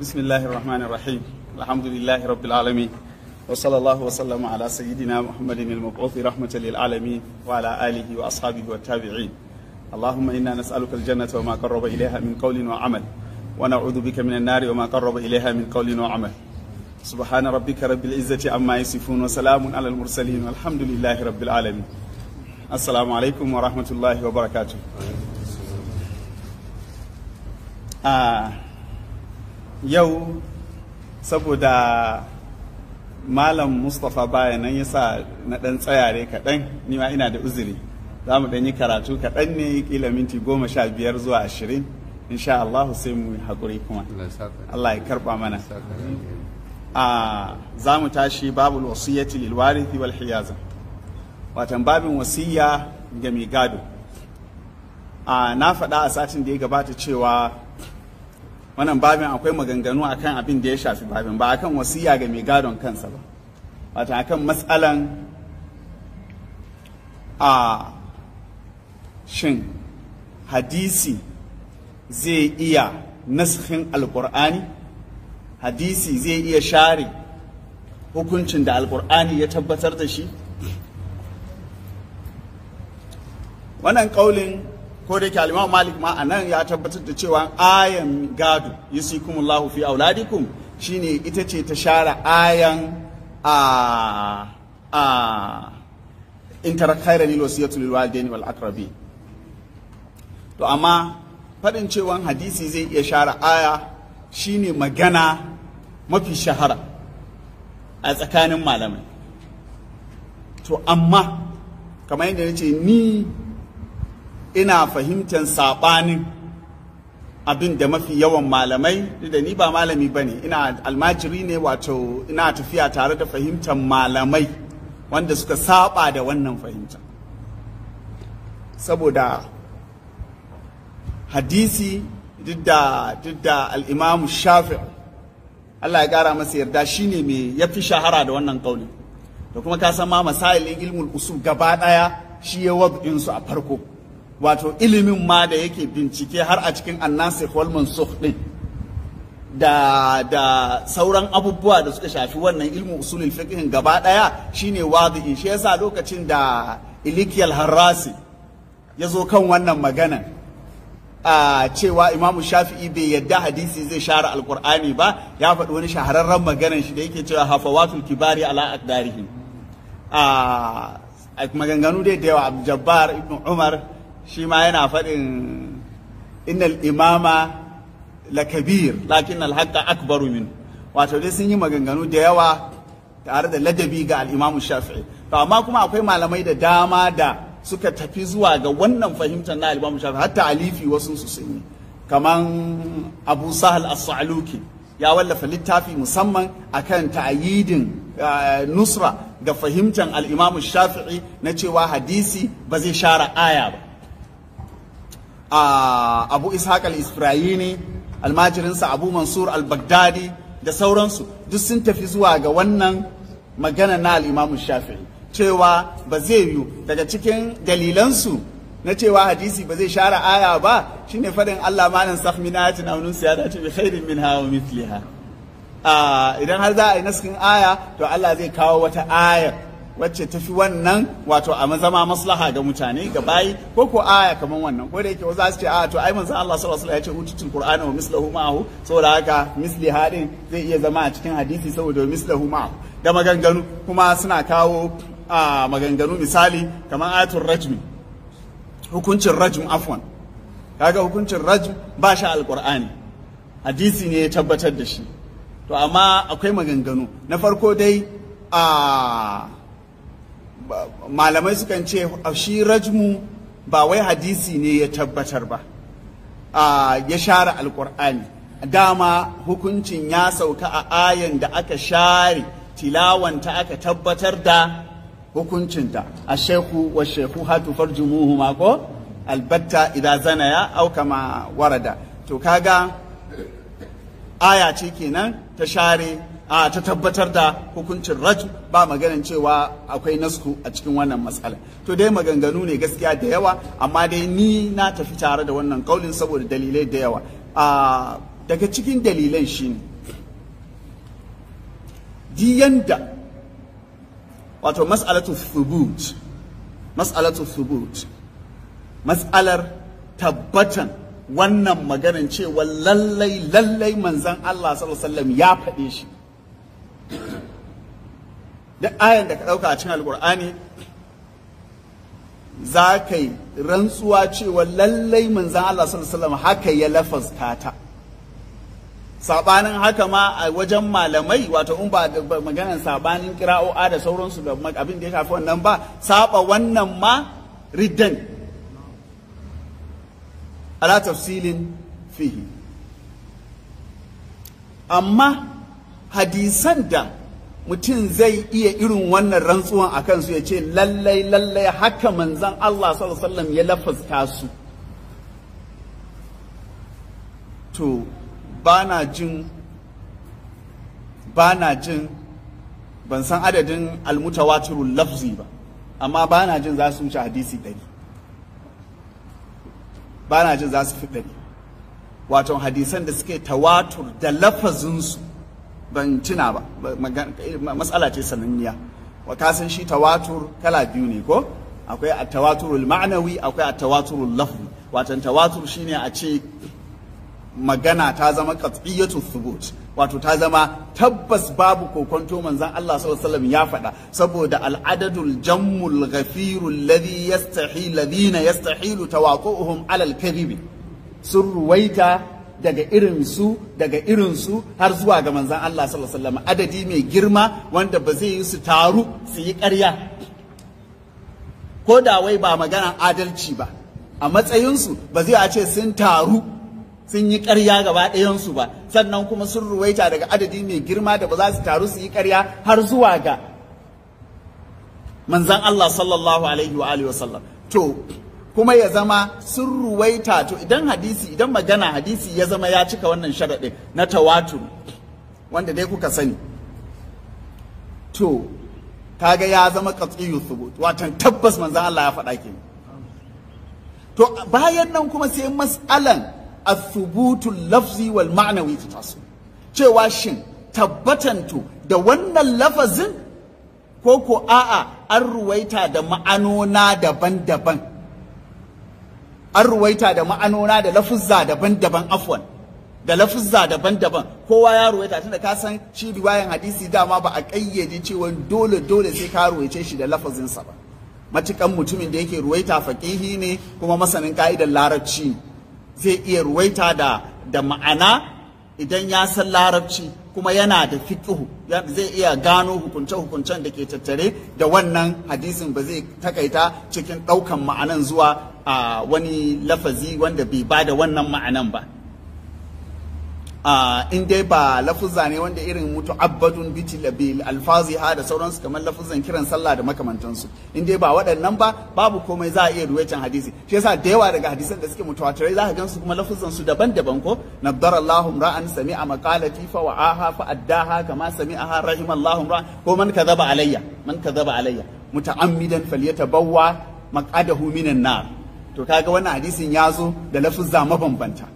بسم الله الرحمن الرحيم الحمد لله رب العالمين وصلى الله وسلم على سيدنا محمد المبعوث رحمة للعالمين وعلى آله وأصحابه والتابعين اللهم إنا نسألك الجنة وما قرب إليها من قول وعمل ونعوذ بك من النار وما قرب إليها من قول وعمل سبحان ربك رب العزة عما يصفون وسلام على المرسلين والحمد لله رب العالمين السلام عليكم ورحمة الله وبركاته آه yau saboda malam mustapha baya nan yasa na ɗan tsayare kaɗan ni ma ina da uzuri za mu ɗan yi karatu kaɗan ne kila minti goma sha biyar zuwa ashirin insha Allah sai mu haƙuri kuma Allah ya karɓa mana a za mu tashi babul wasiyyati lil warithi wal hiyaza watan babin wasiyya ga mai gado a na faɗa a satin da ya gabata cewa wannan babin akwai maganganu akan abin da ya shafi babin ba kan wasiya ga mai gadon kansa ba wata akan matsalan a shin hadisi zai iya naskin alkur'ani hadisi zai iya share hukuncin da alkur'ani ya tabbatar da shi wannan kaulin ko da yake Malik ma anan ya tabbatar da cewa ayan gado yusikumullahu fi auladikum shine ita ce ta share ayan a a in tara khairan lil wasiyatu lil walidaini wal aqrabi to amma fadin cewa hadisi zai iya share aya shine magana mafi shahara a tsakanin malamai to amma kamar yadda nace ni ina fahimtar saɓanin abin da mafi yawan malamai da ni ba malami ba ne ina almajiri ne wato ina tafiya tare da fahimtar malamai wanda suka saba da wannan fahimta saboda hadisi didda-didda da al'imamu shafi Allah ya ƙara masa yarda shine mai ya fi shahara da wannan ƙaunin da kuma ka san ma masailin ilmul usul gaba ɗaya shi ya su a farko wato ilimin ma da yake bincike har a cikin annasi holman din da da sauran abubuwa da suka shafi wannan ilmin usulul fiqh gaba daya shine wadi'in shi yasa lokacin da ilikiyal harrasi ya zo kan wannan magana a cewa imamu shafi'i bai yadda hadisi zai share alkur'ani ba ya faɗi wani shahararren maganar shi da yake cewa hafawatul kibari ala aqdarihim a maganganu dai da yawa abdul jabbar ibnu umar shi ma yana faɗin innal imama la kabir lakin alhaqa akbaru min wato dai sun yi maganganu da yawa tare da ladabi ga al'imamu shafi'i to amma kuma akwai malamai da dama da suka tafi zuwa ga wannan fahimtar na al'imamu shafi'i hatta alifi wasu su sun yi kaman abu sahal as-sa'luki ya wallafa littafi musamman akan ta'yidin eh, nusra ga fahimtar al'imamu shafi'i na cewa hadisi ba zai share aya ba abu ishaq al-isra'ini almajirinsa abu mansur al-baghdadi da sauransu duk sun tafi zuwa ga wannan magana na al-imamu shafi'i cewa ba zai yiwu daga cikin dalilansu na cewa hadisi ba zai share aya ba shine fadin Allah malan sahminatin aw nun siyadati bi khairin minha wa mithliha idan har za a yi naskin aya to Allah zai kawo wata ayar wacce ta fi wannan wato a zama maslaha ga mutane ga bayi ko ko aya kamar wannan ko da yake wasu su ce a ah, to ai manzo Allah sallallahu alaihi wasallam ya ce utitul qur'ana wa mislahu ma'ahu saboda haka misli hadin zai iya zama a cikin hadisi saboda mislahu ma'ahu da maganganu kuma suna kawo a maganganu misali kamar ayatul rajmi hukuncin rajm afwan kaga hukuncin rajm ba shi alqur'ani hadisi ne ya tabbatar da shi to amma akwai maganganu na farko dai a malamai sukan ce shi rajmu ba wai hadisi ne ya tabbatar ba ya share alkur'ani dama hukuncin ya sauka a ayan da aka share tilawanta aka tabbatar da hukuncinta a shehu wa shehu hatu farjumuhu mako albatta idan zanaya auka ma warada to kaga aya ce kenan ta share a ta tabbatar da hukuncin raju ba maganin cewa akwai nasku a cikin wannan matsala to dai maganganu ne gaskiya da yawa amma dai ni na tafi tare da wannan kaulin saboda dalilai da yawa daga cikin dalilan shi shine yanda wato mas'alatu thubut mas'alatu thubut matsalar tabbatan wannan maganin cewa lallai lallai manzan Allah sallallahu alaihi wasallam ya faɗe shi duk ayan da ka ɗauka a cikin alkur'ani za ka yi rantsuwa cewa lallai manzan Allah sallallahu haka ya lafazta ta sabanin haka ma a wajen malamai wato in ba maganar sabanin A da sauransu da abin da ya shafi wannan ba saba wannan ma riddan ala tafsilin fihi amma hadisan da mutum zai iya irin wannan rantsuwan a kansu ya ce lallai lallai haka manzan Allah sallallahu ya lafaska su to bana jin bana jin ban san adadin almutawatirul lafzi ba amma bana jin za su wuce hadisi ɗari bana jin za su fi ɗari wato hadisan da suke tawatur da lafazinsu ban tuna ba matsala eh, ce sananniya wa ka san shi tawatur kala biyu ne ko akwai tawaturul ma'anawi akwai at-tawaturul lafzi wato tawatur shine a ce magana ta zama qat'iyatu thubut wato ta zama tabbas babu kokonto manzon Allah sallallahu alaihi ya faɗa saboda al'adadul jammul ghafirul ladhi yastahi ladina yastahilu tawaquhum alal kadhibi sun ruwaita daga irinsu daga irinsu har zuwa ga manzan Allah sallallahu adadi mai girma wanda ba zai yi su taru su yi ƙarya ko da wai ba magana adalci ba a matsayinsu ba zai a ce sun taru sun yi ƙarya gaba ɗayansu ba sannan kuma sun ruwaita daga adadi mai girma da ba za su taru su yi ƙarya har zuwa ga manzan Allah sallallahu alaihi wa alihi wasallam to kuma ya zama sun ruwaita to idan hadisi idan magana hadisi ya zama ya cika wannan sharaɗe na tawatur wanda dai kuka sani to kaga ya zama qat'iyyu thubut watan tabbas manzon Allah ya faɗa ke to bayan nan kuma sai mas'alan athubutul lafzi wal ma'nawi ta taso cewa shin tabbatanto da wannan lafazin ko ko a'a an ruwaita da ma'anona daban-daban an ruwaita da ma'anona da lafuzza daban-daban afwan da lafuzza daban-daban kowa ya ruwaita tunda ka san shi riwayan hadisi dama ba a kayyade cewa dole dole sai ka ruwaice shi da lafazin sa ba matukan mutumin da yake ruwaita faqihi ne kuma masanin ka'idar larabci zai iya ruwaita da da ma'ana idan ya san larabci kuma yana da fiqhu zai iya gano hukunce-hukuncen da ke tattare da wannan hadisin ba zai takaita cikin ɗaukan ma'anan zuwa a wani lafazi wanda bai ba da wannan ma'anan ba Uh, in dai ba lafuzza ne wanda irin mutu abbadun Labil, alfazi ha da sauransu kamar lafuzan kiran sallah da makamantansu in dai ba waɗannan ba babu komai za a iya ruwaicin hadisi shi yasa da yawa daga hadisan da suke mutawatirai za ka gansu kuma lafuzansu daban-daban ko nabdar Allahu ra'an a makalati, fa wa'aha fa addaha kama sami'aha rahimallahu ra'an ko man ka zaba alayya man ka zaba alayya muta'ammidan falyatabawwa maqadahu minan nar to kaga wannan hadisin ya zo da lafuzza mabambanta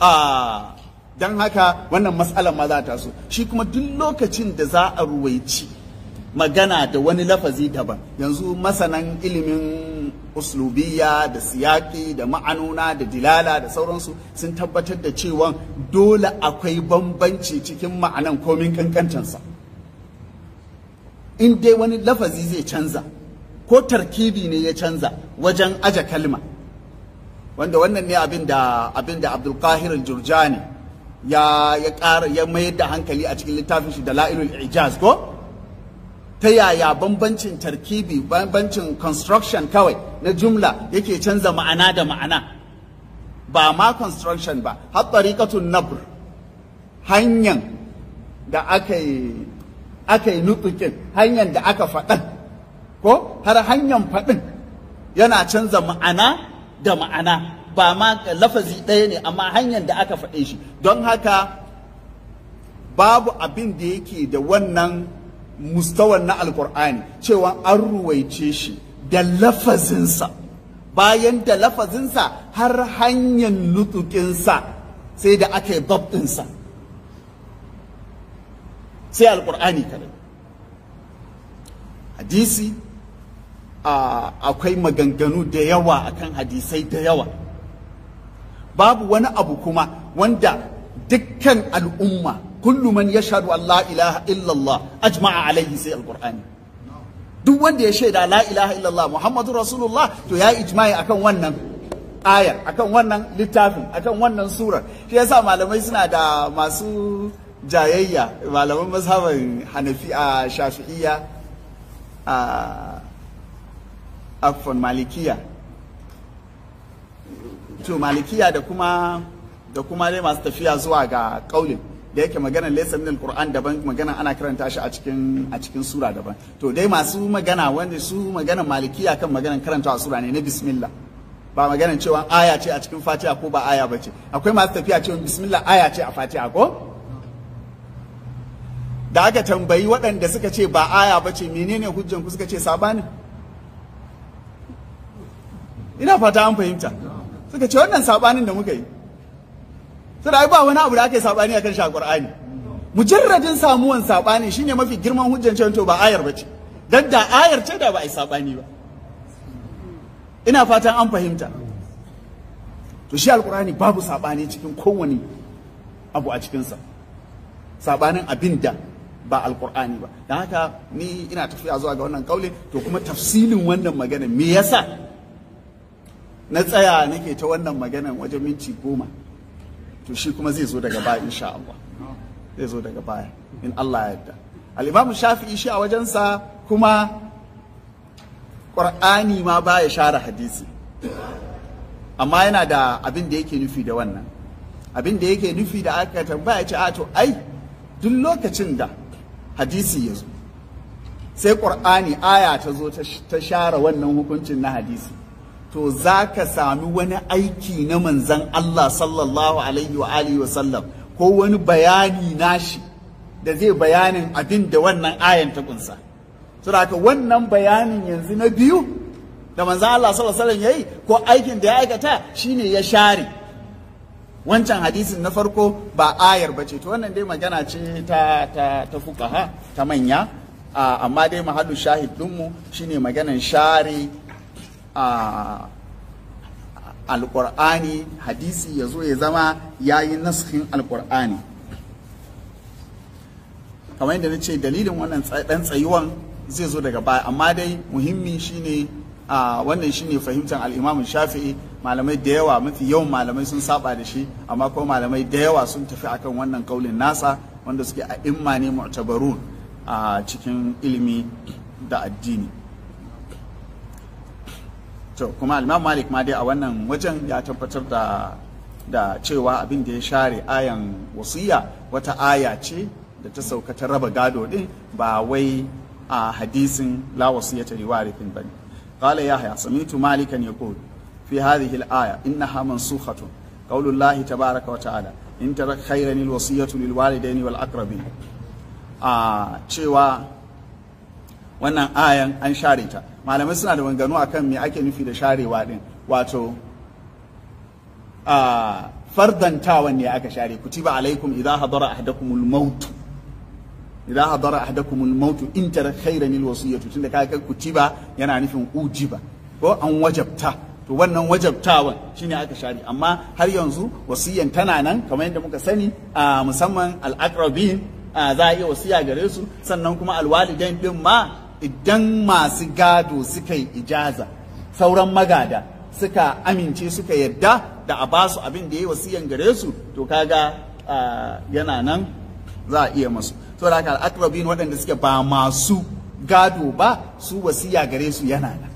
a ah. don haka wannan matsalar ma za ta so shi kuma duk lokacin da za a ruwaici magana da wani lafazi daban yanzu masanan ilimin uslubiya da siyaki da ma'anuna da dilala da sauransu sun tabbatar da cewa dole akwai bambanci cikin ma'anan komin kankantansa. in dai wani lafazi zai canza ko tarkibi ne ya canza wajen aje kalma wanda wannan ne abin da Abdul Qahir al ya ya ƙara ya mayar da hankali a cikin littafin shi Dalailul Ijaz ko ta yaya bambancin tarkibi bambancin construction kawai na jumla yake canza ma'ana da ma'ana ba ma construction ba har tariqatun nabr hanyan da aka yi aka hanyar da aka faɗan ko har hanyar faɗin yana canza ma'ana da ma'ana ba ma lafazi ɗaya ne amma hanyar da aka faɗe shi don haka babu abin da yake da wannan mustawan na alkur'ani cewa an ruwaice shi da lafazinsa bayan da lafazinsa har hanyar nutukinsa sai da aka yi babdinsa sai alkur'ani kare hadisi akwai maganganu da yawa akan hadisai da yawa babu wani abu kuma wanda dukkan al'umma kullu ya yashhadu an la ilaha illallah ajma'a alaihi sai alqur'ani duk wanda ya shaida la ilaha illallah muhammadu rasulullah to ya ijma'i akan wannan ayar akan wannan littafin akan wannan surar shi yasa malamai suna da masu jayayya malaman mazhaban hanafi a shafi'iyya a afon malikiya to malikiya da kuma da kuma dai masu tafiya zuwa ga kaulin da yake maganar laysa min alquran daban magana ana karanta shi a cikin a cikin sura daban to dai masu magana wanda su maganar malikiya kan maganar karanta a sura ne na bismillah ba maganar cewa aya ce a cikin fatiha ko ba aya bace akwai masu tafiya cewa bismillah aya ce a fatiha ko da aka tambayi waɗanda suka ce ba aya bace menene ku suka ce sabanin ina fata an fahimta suka ce wannan sabanin da muka yi su da ba wani abu da ake sabani akan shi Qur'ani mujarradin samuwan sabani shine mafi girman hujjan cewa to ba ayar bace dan da ayar ce da ba ai sabani ba ina fatan an fahimta to shi alqur'ani babu sabani cikin kowane abu a cikinsa sabanin abin da ba alqur'ani ba dan haka ni ina tafiya zuwa ga wannan kaule to kuma tafsilin wannan magana me yasa na tsaya nake ta wannan maganan wajen minti goma to shi kuma zai zo daga baya insha Allah zai zo daga baya in Allah ya yarda al-Imam Shafi'i shi a wajensa kuma Qur'ani ma baya share hadisi amma yana da abin da yake nufi da wannan abin da yake nufi da aka tambaya ce a to ai duk lokacin da hadisi ya zo sai ƙur'ani aya ta zo ta share wannan hukuncin na hadisi to za ka sami wani aiki na manzan Allah sallallahu alaihi wa alihi ko wani bayani nashi da zai bayanin abin da wannan ayan ta kunsa so da wannan bayanin yanzu na biyu da manzan Allah sallallahu alaihi yayi ko aikin da ya aikata shine ya share wancan hadisin na farko ba ayar bace to wannan dai magana ce ta ta ta ha, ta manya ah, amma dai mahallu shahid dinmu shine maganan share a alƙur'ani hadisi ya zo ya zama yayi yi naskin alƙur'ani kamar yadda na ce dalilin wannan ɗan tsayuwan zai zo daga baya amma dai muhimmi shine a wannan shine fahimtar al'imamin shafi'i malamai da yawa mafi yawan malamai sun saba da shi amma kuma malamai da yawa sun tafi akan wannan kaulin nasa wanda suke a imma ne mu'tabarun a cikin ilimi da addini to kuma Imam Malik ma dai a wannan wajen ya tabbatar da cewa abin da ya share ayan wasiyya wata aya ce da ta sauka ta raba gado din ba wai a hadisin la wasiyata liwarifin bane qala yahya samitu malikan yaqul fi hadhihi al-aya innaha mansukhatun qawlu llahi tabaaraka wa ala. in tarak khayran al-wasiyatu lil walidaini wal aqrabin a ah, cewa wannan ayan an share ta malamai suna da wangano akan me ake nufi da sharewa din wato a fardantawan ne aka share kutiba alaikum idza hadara ahadakumul maut idza hadara ahadakumul maut in tara khairan lil wasiyatu tunda kaga kutiba yana nufin ujiba ko an wajabta to wannan wajabtawan shine aka share amma har yanzu wasiyan tana nan kamar yadda muka sani a musamman al-aqrabin za a iya wasiya gare su sannan kuma alwalidain din ma idan masu gado suka yi ijaza sauran magada suka amince suka yarda da a ba su abin da ya yi wasiyan gare su to kaga yana nan za a iya masu da haka al'akrabin waɗanda suke ba masu gado ba su wasiya gare su yana nan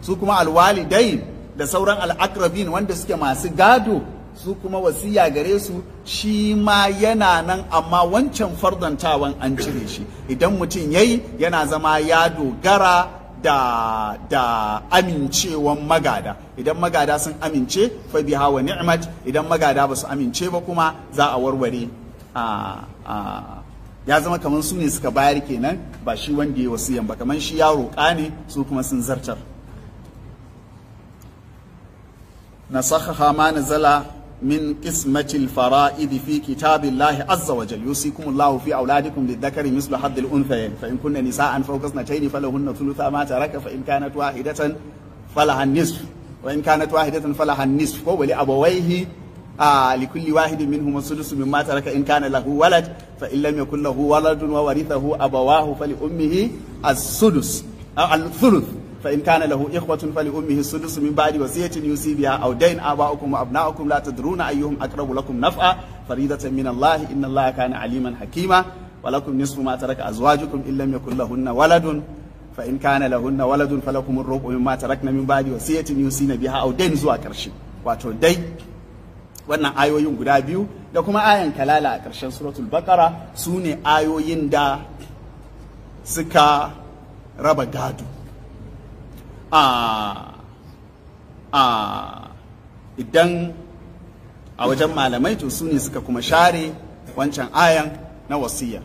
su kuma alwalidai da sauran al'akrabin wanda suke masu gado su kuma wasiya gare su shi ma yana nan amma wancan fardantawan an cire shi idan mutum ya yi, yana zama ya dogara da da amincewan magada idan magada sun amince fa bi hawa ni'mat idan magada ba su amince ba kuma za a warware a ah, ah, ya zama kamar su ne suka bayar kenan ba shi wanda ya wasiyan ba kamar shi ya roƙa ne su kuma sun zartar nasakha ma nazala من قسمة الفرائض في كتاب الله عز وجل يوصيكم الله في أولادكم للذكر مثل حد الأنثيين فإن كن نساء فوق اثنتين فلهن ثلث ما ترك فإن كانت واحدة فلها النصف وإن كانت واحدة فلها النصف ولأبويه آه لكل واحد منهم السدس مما ترك إن كان له ولد فإن لم يكن له ولد وورثه أبواه فلأمه السدس الثلث fa in kana lahu ikhwatun fali ummihi sudus min ba'di wasiyatin yusi biha aw dayn aba'ukum wa abna'ukum la tadruna ayyuhum aqrabu lakum naf'a faridatan min Allah inna Allah kana aliman hakima wa lakum nisfu ma taraka azwajukum in lam yakul lahunna waladun fa in kana lahunna waladun falakum ar-rubu mimma tarakna min ba'di wasiyatin yusina biha aw dayn zuwa karshe wato dai wannan ayoyin guda biyu da kuma ayan kalala a ƙarshen suratul bakara su ne ayoyin da suka raba gado a a idan a wajen malamai to su ne suka kuma share wancan ayan na wasiya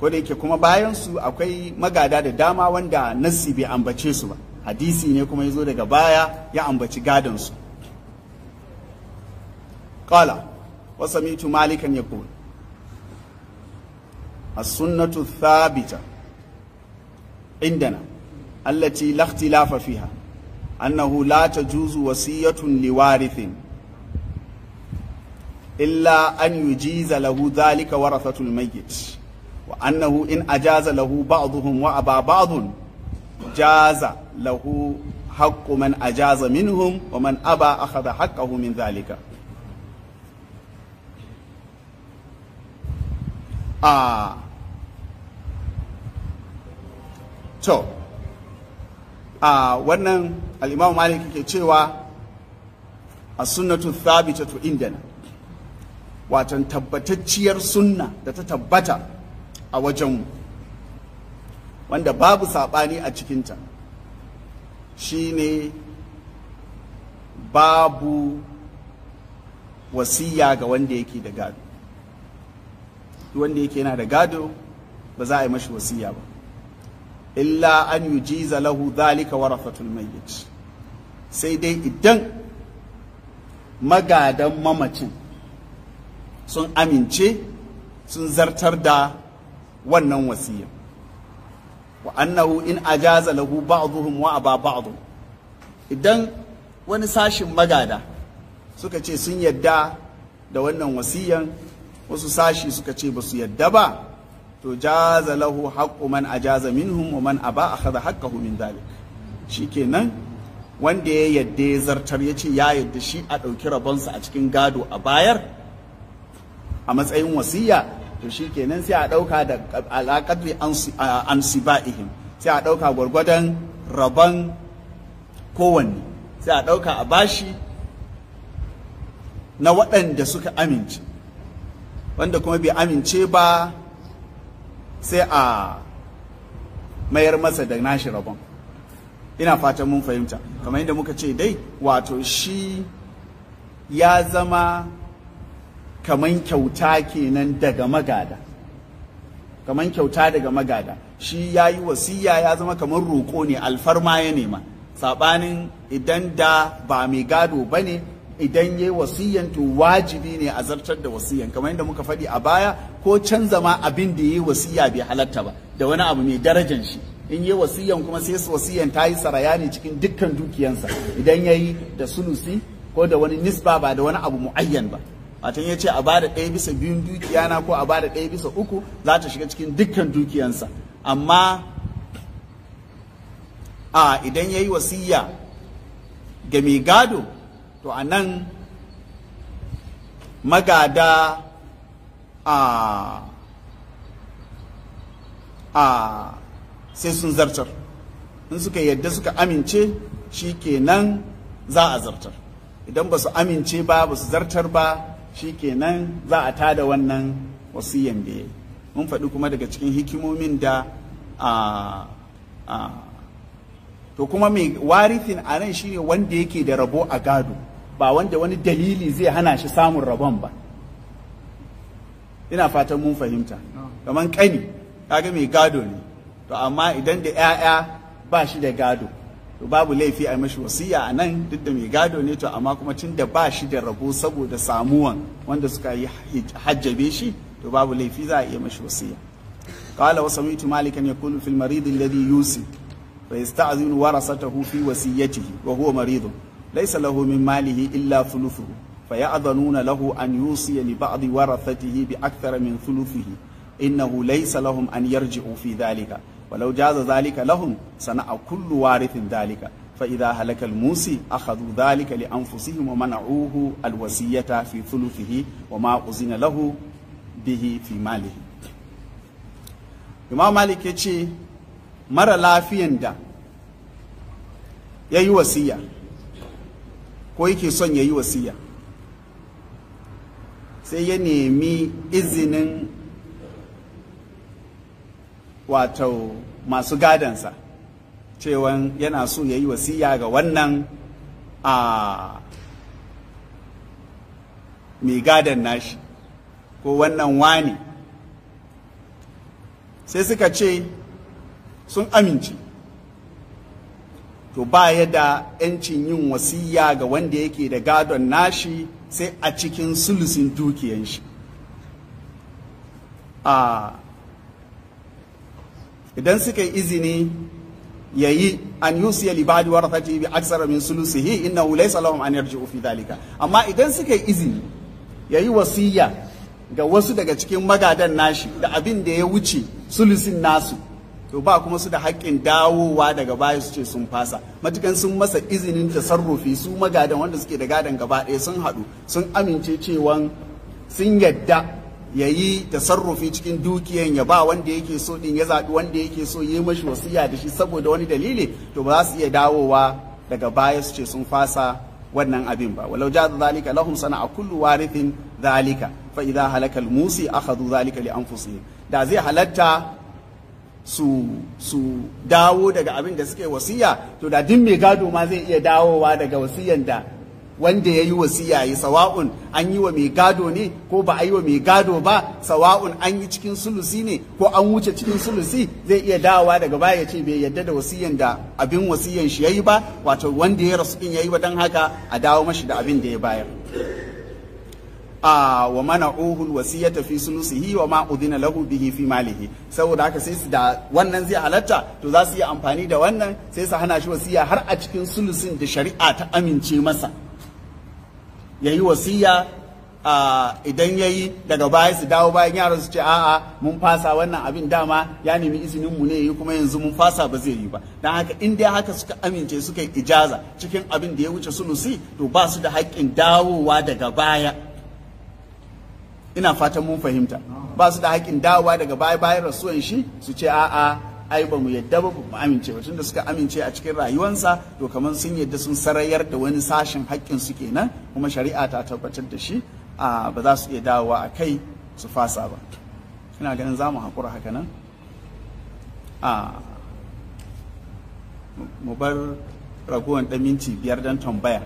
ko da yake kuma bayan su akwai magada da dama wanda nassi bai ambace su ba hadisi ne kuma ya zo daga baya ya ambaci gadon su qala wa samitu malikan yaqul as-sunnatu thabita indana التي لا اختلاف فيها أنه لا تجوز وصية لوارث إلا أن يجيز له ذلك ورثة الميت وأنه إن أجاز له بعضهم وأبى بعض جاز له حق من أجاز منهم ومن أبى أخذ حقه من ذلك آه. So, a wannan al'imam malik ke cewa a sunnatu to indana watan tabbatacciyar sunna da ta tabbata a wajenmu wanda babu saɓani a cikinta shine babu wasiya ga wanda yake da gado wanda yake yana da gado ba za a yi mashi wasiya ba illa an yujiza lahu zalika warathatul mayyit sai dai idan magadan mamacin sun amince sun zartar da wannan wasiyan wa annahu in ajaza lahu ba'dhum wa aba ba'd idan wani sashin magada suka ce sun yadda da wannan wasiyan wasu sashi suka ce ba su yadda ba to jaza lahu haƙƙu man ajaza minhum wa man aba akhadha haqqahu min zalik shikenan wanda ya yadda ya zartar ya ce ya yadda shi a ɗauki rabonsa a cikin gado a bayar a matsayin wasiya to shi kenan sai a ɗauka da alaƙar an siba'ihim sai a ɗauka gwargwadon rabon kowanne sai a ɗauka a bashi na waɗanda suka amince wanda kuma bai amince ba sai a mayar masa da nashi rabon ina fatan mun fahimta kamar yadda muka ce dai wato shi ya zama kaman kyauta kenan daga magada kaman kyauta daga magada shi ya yi wasiya ya zama kamar roƙo ne alfarma ya nema saɓanin idan da ba mai gado ba ne idan ya yi wasiyan to wajibi ne a zartar da wasiyan kamar yadda muka faɗi a baya ko canza ma abin da ya yi wasiya bai halatta ba da wani abu mai darajan shi in yi wasiyan kuma sai wasiyan ta yi saraya ne cikin dukkan dukiyansa idan ya yi da sulusi ko da wani nisba ba da wani abu mu'ayyan ba watan ya ce a bada ɗaya bisa biyun dukiya na ko a bada ɗaya bisa uku za ta shiga cikin dukkan dukiyansa amma a idan ya yi wasiya ga mai gado to a nan magada a a sai sun zartar in suka yadda suka amince shi kenan za a zartar idan ba su amince ba ba su zartar ba shi kenan za a tada wannan wasiyan da mun faɗi kuma daga cikin hikimomin da a a to kuma mai warithin a nan shine wanda yake da rabo a gado ba wanda wani dalili zai hana shi samun rabon ba ina fatan mun fahimta kamar kani kaga mai gado ne to amma idan da 'ya'ya ba shi da gado to babu laifi a mashi wasiya a nan duk da mai gado ne to amma kuma tun da ba shi da rabo saboda samuwan wanda suka yi hajjabe shi to babu laifi za a iya mashi wasiya قال وسمعت مالكا يقول في المريض الذي يوصي فيستأذن ورثته في وصيته وهو مريض ليس laisa من ماله illa ثلثه فيأذنون له أن يوصي لبعض ورثته بأكثر من ثلثه إنه ليس لهم أن يرجعوا في ذلك ولو جاز ذلك لهم صنع كل وارث ذلك فإذا هلك الموسي أخذوا ذلك لأنفسهم ومنعوه الوصية في ثلثه وما أذن له به في ماله Imam Malik ya ce mara lafiyan da ya yi wasiya ko yake son ya yi wasiya sai ya nemi izinin wato masu gadansa cewa yana so ya yi wasiya ga wannan a mai gadan nashi ko wannan wani sai suka ce sun amince to ba ya da 'yancin yin wasiya ga wanda yake da gadon nashi sai a cikin sulusin dukiyan shi idan suka yi izini ya yi an yusiya libadi warthati bi aksara min hi ina wulai lahum an yarji ofi dalika amma idan suka yi izini ya yi wasiya ga wasu daga cikin magadan nashi da abin da ya wuce sulusin nasu to ba kuma su da haƙƙin dawowa daga baya su ce sun fasa matukan sun masa izinin tasarrufi su magadan wanda suke da gadan gaba ɗaya sun haɗu sun amince cewa sun yadda ya yi tasarrufi cikin dukiyan ya ba wanda yake so din ya zaɓi wanda yake so ya yi mashi wasiya da shi saboda wani dalili to ba za su iya dawowa daga baya su ce sun fasa wannan abin ba walau ja zalika lahum a kullu warithin zalika fa idza halaka al-musi akhadhu zalika li anfusihim da zai halatta su su dawo daga abin da suke wasiya to da din mai gado ma zai iya dawowa daga wasiyan da wanda ya yi wasiya ya sawa'un an yi wa mai gado ne ko ba a yi wa mai gado ba sawa'un an yi cikin sulusi ne ko an wuce cikin sulusi zai iya dawowa daga baya ya ce bai yadda da wasiyan da abin wasiyan shi ya yi ba wato wanda ya rasu din ya yi ba don haka a dawo mashi da abin da ya bayar a wa mana'uhu alwasiyata fi sunusihi wa ma udhina lahu bihi fi malihi saboda haka sai su da wannan zai halatta to za su yi amfani da wannan sai su hana shi wasiya har a cikin sulusin da shari'a ta amince masa Ya yayi wasiya idan ya yi daga baya su dawo bayan yaran su ce a'a mun fasa wannan abin dama ya nemi izinin mu ne yi kuma yanzu mun fasa ba zai yi ba dan haka in dai haka suka amince suka yi ijaza cikin abin da ya wuce sulusi to ba su da haƙƙin dawowa daga baya ina fatan mun fahimta ba su da haƙin dawowa daga baya bayan rasuwan shi su ce a'a ai ba mu yadda ba mu amince ba tunda suka amince a cikin rayuwansa to kamar sun yadda sun sarayar da wani sashen haƙƙin su kenan kuma shari'a ta tabbatar da shi a ba za su iya dawowa a kai su fasa ba ina ganin za mu haƙura haka nan a mu bar ragowar ɗan minti biyar don tambaya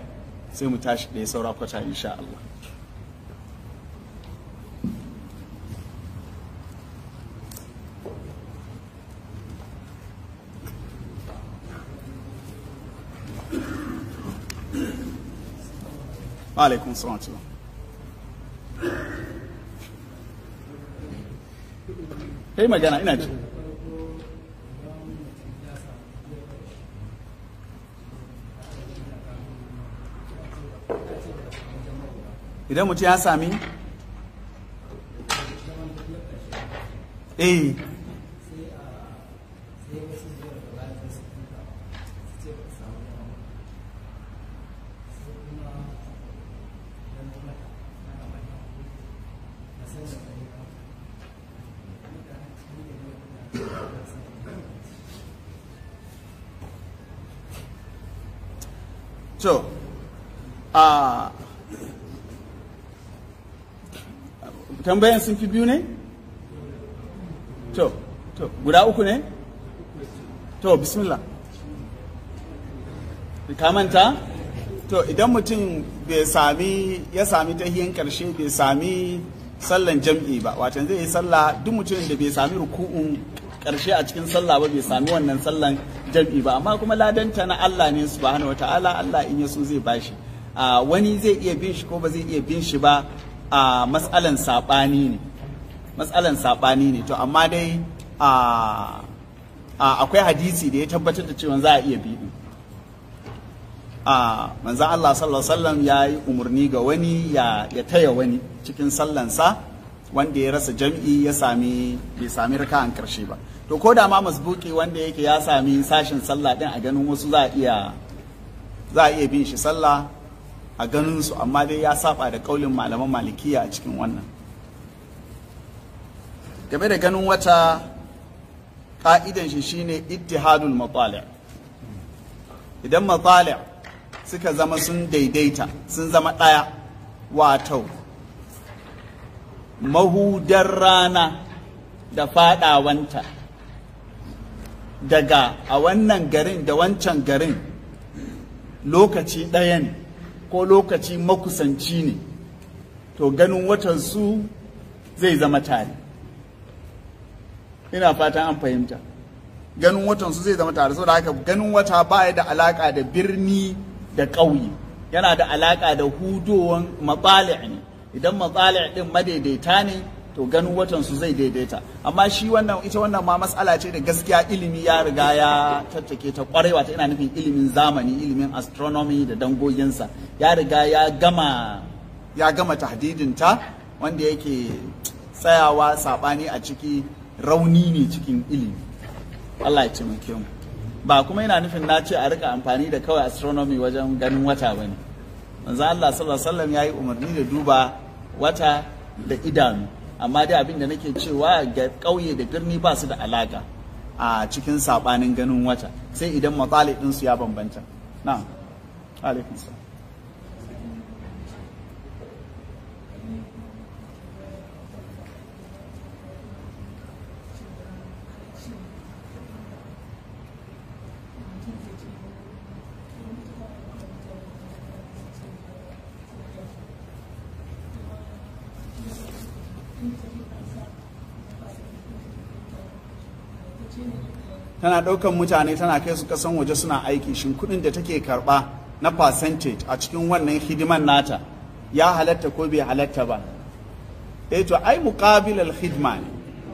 sai mu tashi ɗaya saura kwata insha Allah alaikum salam kai magana ina ji idan mutum ya sami eh to a uh, tambayan sun fi biyu ne to to guda uku ne to bismillah ka manta to idan mutum bai sami ya sami tahiyan karshe bai sami sallan jam'i ba wata zai yi sallah duk mutumin da bai sami ruku'un karshe a cikin sallah ba bai sami wannan sallan jam'i ba amma kuma ladanta na Allah ne subhanahu wataala Allah in ya so zai bashi wani zai iya bin shi ko ba zai iya bin shi ba a matsalan sabani ne matsalan sabani ne to amma dai akwai hadisi da ya tabbatar da cewa za a iya bi a manzan Allah sallallahu alaihi wasallam ya yi umarni ga wani ya taya wani cikin sallansa wanda ya rasa jam'i ya sami bai sami raka'an karshe ba to ko da ma masbuki wanda yake ya sami sashin sallah din a ganin wasu za iya za iya bin shi sallah a ganin su amma dai ya saba da kaulin malaman malikiya a cikin wannan game da ganin wata ka'idan shi shine ittihadul matali' idan matali' suka zama sun daidaita sun zama ɗaya wato mahudar rana da faɗawanta daga a wannan garin da wancan garin lokaci ɗaya ne ko lokaci makusanci ne to ganin watansu zai zama tare ina fatan an fahimta ganin watansu zai zama tare saboda haka ganin wata baya da alaka da birni da ƙauye yana da alaka da hudowan matsali ne idan matsala din madaidaita ne to ganin watan su zai daidaita amma shi wannan ita wannan ma matsala ce da gaskiya ilimi ya riga ya tattake ta kwarewa ta ina nufin ilimin zamani ilimin astronomi da dangoginsa ya riga ya gama ya gama tahdidin ta wanda yake tsayawa sabani a ciki rauni ne cikin ilimi Allah ya taimake mu ba kuma ina nufin na ce a rika amfani da kawai astronomy wajen ganin wata bane manzo Allah sallallahu alaihi wasallam yayi umarni da duba wata da idanu amma dai abin da nake cewa ga kauye da birni ba su da alaka a cikin sabanin ganin wata sai idan matsalin su ya bambanta na'am alaikum tana ɗaukan mutane tana kai su kasan waje suna aiki shin kuɗin da take karɓa na percentage a cikin wannan hidiman nata ya halatta ko bai halatta ba eh to ai muqabilal hidima ne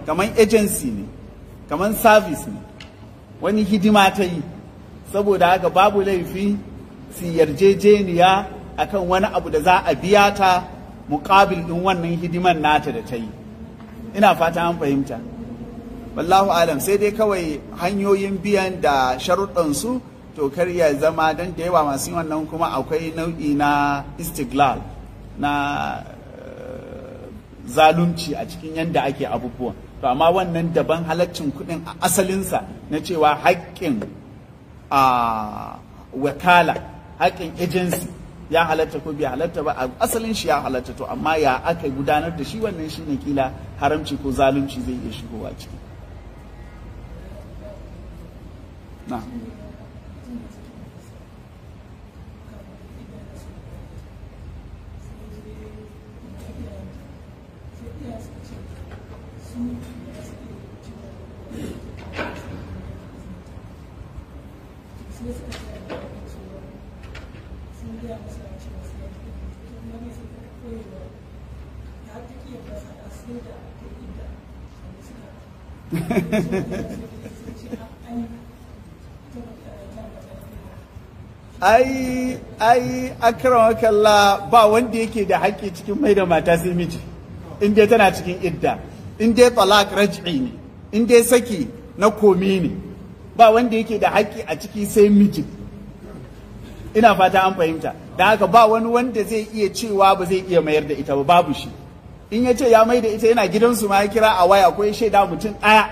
kamar agency ne kaman service ne wani hidima ta yi saboda haka babu laifi su yarjejeniya akan wani abu da za a biya ta muƙabil ɗin wannan hidiman nata da ta yi ina fata an fahimta wallahu alam sai dai kawai hanyoyin biyan da sharuɗansu to kar ya zama don da yawa masu wannan kuma akwai nau'i na istiglal na eh, zalunci a cikin yadda ake abubuwa to amma wannan daban halaccin kuɗin a asalinsa na cewa haƙƙin a wakala haƙƙin agency ya halatta ko bai halatta ba asalin shi ya halatta to amma ya aka gudanar da shi wannan shine kila haramci ko zalunci zai iya shigowa ciki نعم ai ai kalla ba wanda yake da haƙƙi cikin mai da mata sai miji in tana cikin idda in dai talaq raj'i ne in dai saki na komi ne ba wanda yake da haƙƙi a ciki sai miji ina fata an fahimta da haka ba wani wanda zai iya cewa ba zai iya mayar da ita ba babu shi in ya ce ya mai da ita yana gidansu ma ya kira a waya ko ya shaida mutum ɗaya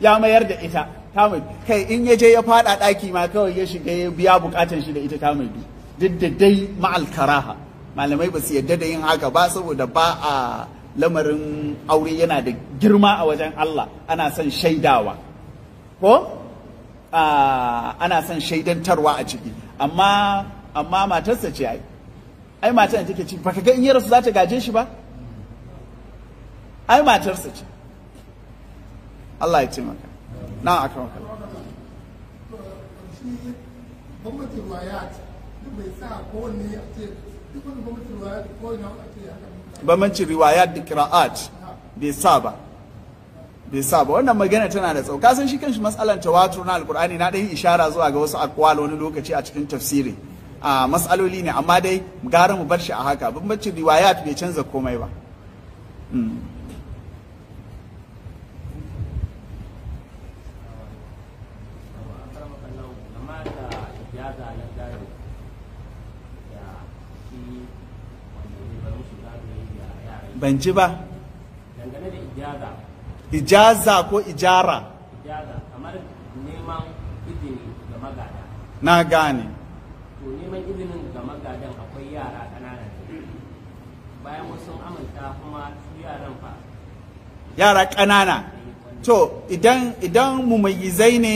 ya mayar da ita ta mai kai in ya je ya fada daki ma kawai ya shiga ya biya bukatun shi da ita ta mai bi duk da dai ma'al karaha malamai ba su yadda da yin haka ba saboda ba a lamarin aure yana da girma a wajen Allah ana son shaidawa ko ana son shaidantarwa a ciki amma amma matarsa ce ai ai matar da take ci baka ga in ya rasu za ta gaje shi ba ai matarsa ce Allah ya ce maka na a kan bambancin riwayat da kira'at bai sa ba bai sa ba wannan magana tana da tsauka kasan shi kanshi matsalan tawatur na alkur'ani na ɗan ishara zuwa ga wasu akwal wani lokaci a cikin tafsiri a matsaloli ne amma dai gara mu bar shi a haka bambancin riwayat bai canza komai ba hmm. ban ji ba dangane da ijaza ijaza ko ijara ijaza kamar neman izini ga magada na gane to neman izinin ga magadan akwai yara kanana bayan wasu amanta kuma su yaran fa yara kanana eh, to idan idan mumayyizai ne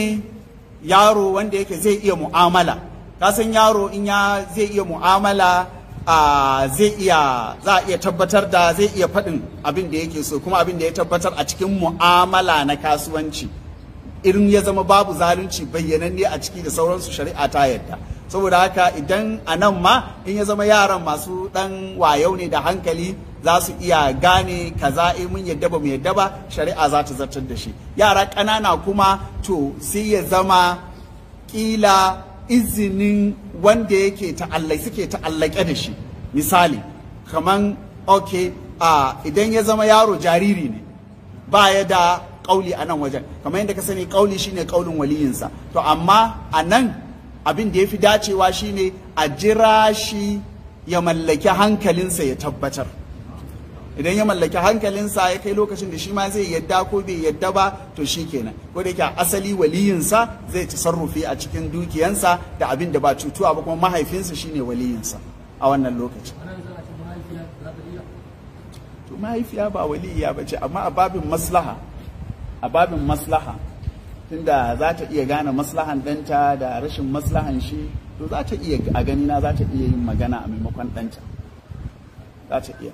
yaro wanda yake zai iya mu'amala kasan yaro in ya zai iya mu'amala zai iya za a iya tabbatar da zai iya faɗin abin da yake so kuma abin da ya tabbatar a cikin mu'amala na kasuwanci irin ya zama babu zalunci bayyananne a ciki da sauransu shari'a ta yadda saboda haka idan a nan ma in ya zama yaran masu ɗan wayau ne da hankali za su iya gane kaza in eh, mun yadda ba mu yadda ba shari'a za ta zartar da shi yara ƙanana kuma to sai ya zama ƙila izinin wanda yake ta'allai suke ta'allake da shi misali kaman ok a idan ya zama yaro jariri ne ba ya da ƙauli a nan wajen kamar yadda ka sani kauli shine kaulin waliyinsa to amma a nan abin da ya fi dacewa shine a jira shi ya mallaki hankalinsa ya tabbatar idan ya mallaki hankalinsa ya kai lokacin da shi ma zai yadda ko bai yadda ba to shi kenan ko da yake asali waliyinsa zai ci sarrufi a cikin dukiyansa da abin da ba cutuwa ba kuma mahaifinsa shine waliyinsa a wannan lokacin to mahaifiya ba waliya ba ce amma a babin maslaha a babin maslaha tunda za ta iya gane maslahan ɗanta da rashin maslahan shi to za ta iya a ganina za ta iya yin magana a maimakon ɗanta za ta iya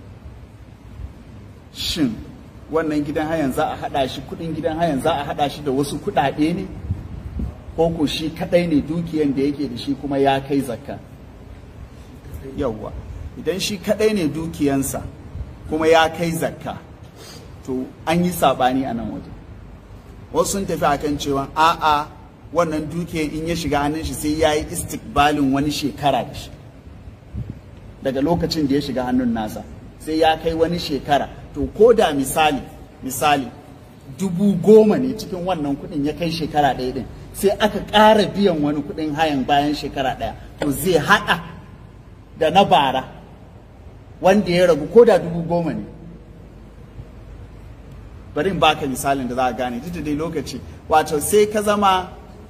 shin wannan gidan hayan za a haɗa shi kuɗin gidan hayan za a haɗa shi da wasu kuɗaɗe ne ko ko shi kaɗai ne dukiyan da yake da shi kuma ya kai zakka yawwa idan shi kaɗai ne dukiyansa kuma ya kai zakka to an yi saɓani a nan waje wasu sun tafi akan cewa a'a wannan dukiyan in ya shiga hannun shi sai ya yi istikbalin wani shekara da shi daga lokacin da ya shiga hannun nasa sai ya kai wani shekara to ko da misali misali dubu goma ne cikin wannan kuɗin ya kai shekara ɗaya din, sai aka ƙara biyan wani kuɗin hayan bayan shekara ɗaya to zai haɗa da na bara wanda ya ragu ko da dubu goma ne bari in baka misalin da za a gane duk dai lokaci wato sai ka zama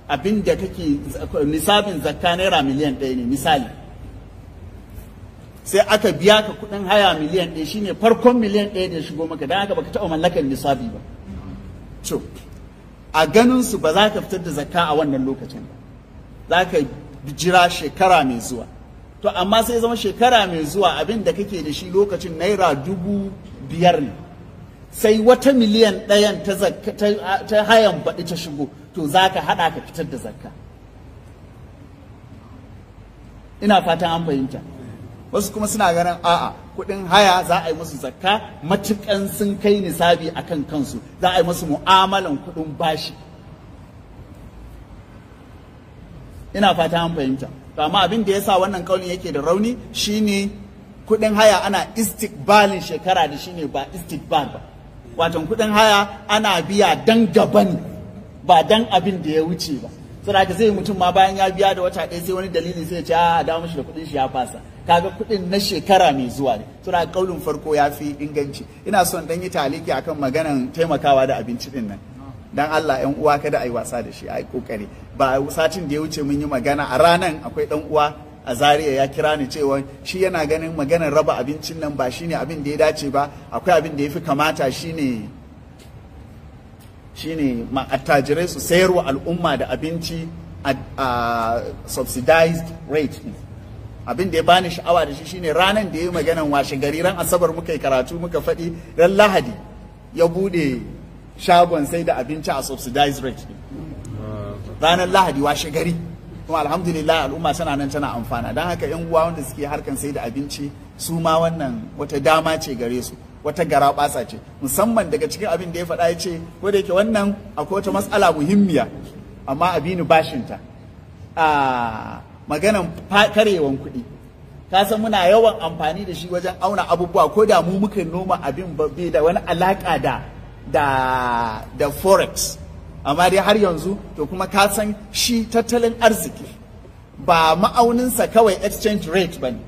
abin da kake nisabin zakka naira miliyan ɗaya ne misali sai aka biya ka kuɗin haya miliyan ɗaya shine farkon miliyan ɗaya ne ya shigo maka don haka baka taɓa mallakar nisabi ba to a ganin su ba za ka fitar da zakka a wannan lokacin ba za ka jira shekara mai zuwa to amma sai zama shekara mai zuwa abin da kake da shi lokacin naira dubu biyar ne sai wata miliyan ɗayan ta hayan baɗi ta shigo to za ka haɗa ka fitar da zakka ina fatan an fahimta wasu kuma suna ganin a'a kuɗin haya za a yi musu zakka matukan sun kai nisabi kan kansu za a yi musu mu'amalan kuɗin bashi ina fata an fahimta to amma abin da ya sa wannan kaunin yake da rauni shine kuɗin haya ana istikbalin shekara da shine ba istikbal ba watan kuɗin haya ana biya dan gaban ba dan abin da ya wuce ba saboda zai mutum ma bayan ya biya da wata ɗaya sai wani dalili sai ya ce a dawo mishi da kuɗin shi ya fasa kaga kudin na shekara mai zuwa ne suna kaulin farko ya fi inganci ina son dan yi taliki akan maganan taimakawa da abinci din nan dan Allah yan uwa kada a yi wasa da shi a kokari ba satin da ya wuce mun yi magana a ranan akwai dan uwa a zaria ya kira ni cewa shi yana ganin maganar raba abincin nan ba shine abin da ya dace ba akwai abin da ya fi kamata shine shine attajirai su sayarwa al'umma da abinci a subsidized rate abin da ya bani sha'awa da shi shine ranan da ya yi maganan washe gari ran asabar muka yi karatu muka faɗi ran lahadi ya bude shagon sai da abinci a subsidized rate ranar lahadi washe gari kuma alhamdulillah al'umma tana nan tana amfana don haka yan uwa wanda suke harkan sai da abinci su ma wannan wata dama ce gare su wata gara basa ce musamman daga cikin abin da ya faɗa ya ce ko da yake wannan akwai wata matsala muhimmiya amma abinu bashinta ah, maganan karewan kuɗi ka san muna yawan amfani da shi wajen auna abubuwa ko da mu muka noma abin babbe da wani alaƙa da da da forex amma dai har yanzu to kuma ka san shi tattalin arziki ba ma'auninsa kawai exchange rate ba ne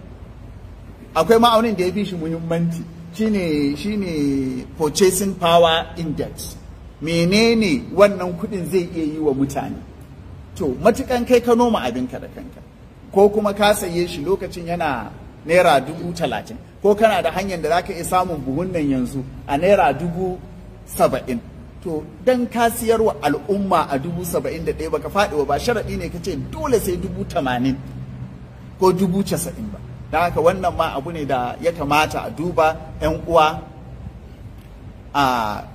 akwai ma'aunin da ya fi shi muhimmanci shine shine purchasing power index menene wannan kuɗin zai iya yi wa mutane to matukan kai ka noma abinka da kanka ko kuma ka saye shi lokacin yana naira dubu talatin ko kana da hanyar da zaka iya samun buhun nan yanzu a naira dubu saba'in to dan ka siyarwa al'umma a dubu saba'in da ɗaya baka faɗiwa ba sharaɗi ne ka ce dole sai dubu tamanin ko dubu casa'in ba da haka wannan ma abu ne da ya kamata a duba 'yan uwa a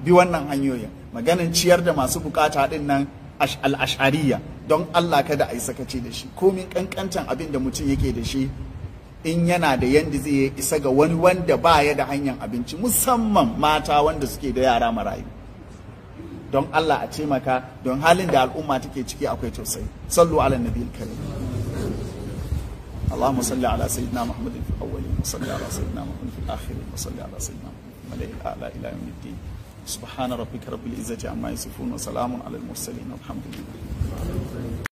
bi wannan hanyoyin maganin ciyar da masu bukata ɗin nan al'ashariya don Allah kada a yi sakaci da shi komin kankantan abin da mutum yake da shi in yana da yadda zai isa ga wani wanda ba ya da hanyar abinci musamman mata wanda suke da yara marayu don Allah a taimaka don halin da al'umma take ciki akwai tausayi sallu ala nabi karim اللهم صل على سيدنا محمد في الاولين وصل على سيدنا محمد في الاخرين وصل على سيدنا محمد الى يوم الدين سبحان ربك رب العزة عما يصفون وسلام على المرسلين والحمد لله